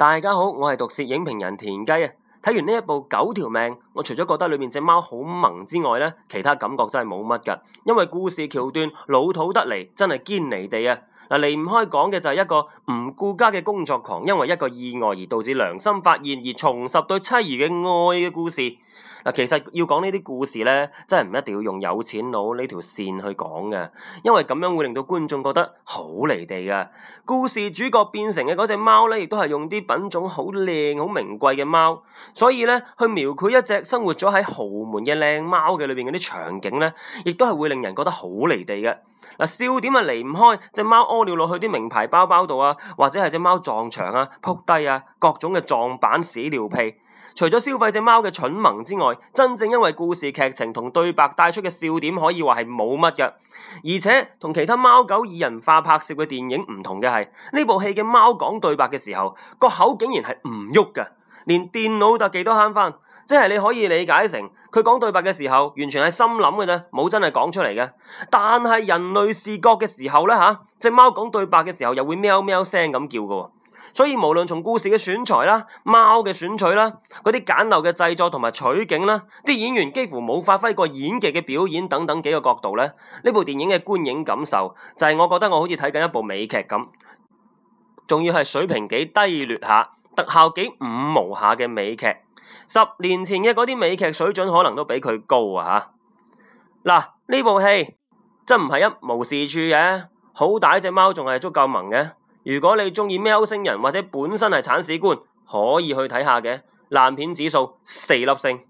大家好，我係毒舌影評人田雞啊！睇完呢一部《九條命》，我除咗覺得裏面隻貓好萌之外呢，其他感覺真係冇乜噶，因為故事橋段老土得嚟，真係堅離地啊！嗱，離唔開講嘅就係一個唔顧家嘅工作狂，因為一個意外而導致良心發現，而重拾對妻兒嘅愛嘅故事。其實要講呢啲故事呢，真係唔一定要用有錢佬呢條線去講嘅，因為咁樣會令到觀眾覺得好離地嘅。故事主角變成嘅嗰隻貓呢，亦都係用啲品種好靚、好名貴嘅貓，所以呢，去描繪一隻生活咗喺豪門嘅靚貓嘅裏面嗰啲場景呢，亦都係會令人覺得好離地嘅。笑點啊，離唔開隻貓屙尿落去啲名牌包包度啊，或者係隻貓撞牆啊、撲低啊，各種嘅撞板屎尿屁。除咗消費隻貓嘅蠢萌之外，真正因為故事劇情同對白帶出嘅笑點，可以話係冇乜嘅。而且同其他貓狗擬人化拍攝嘅電影唔同嘅係，呢部戲嘅貓講對白嘅時候個口竟然係唔喐㗎，連電腦特技都慳翻。即係你可以理解成佢講對白嘅時候，完全係心諗嘅啫，冇真係講出嚟嘅。但係人類視覺嘅時候呢，吓、啊、隻貓講對白嘅時候又會喵喵聲咁叫嘅。所以無論從故事嘅選材啦、貓嘅選取啦、嗰啲簡陋嘅製作同埋取景啦、啲演員幾乎冇發揮過演技嘅表演等等幾個角度呢，呢部電影嘅觀影感受就係、是，我覺得我好似睇緊一部美劇咁，仲要係水平幾低劣下、特效幾五毛下嘅美劇。十年前嘅嗰啲美劇水準可能都比佢高啊，嗱，呢、啊、部戲真唔係一無是處嘅、啊，好大隻貓仲係足夠萌嘅。如果你中意喵星人或者本身係鏟屎官，可以去睇下嘅。爛片指數，四粒星。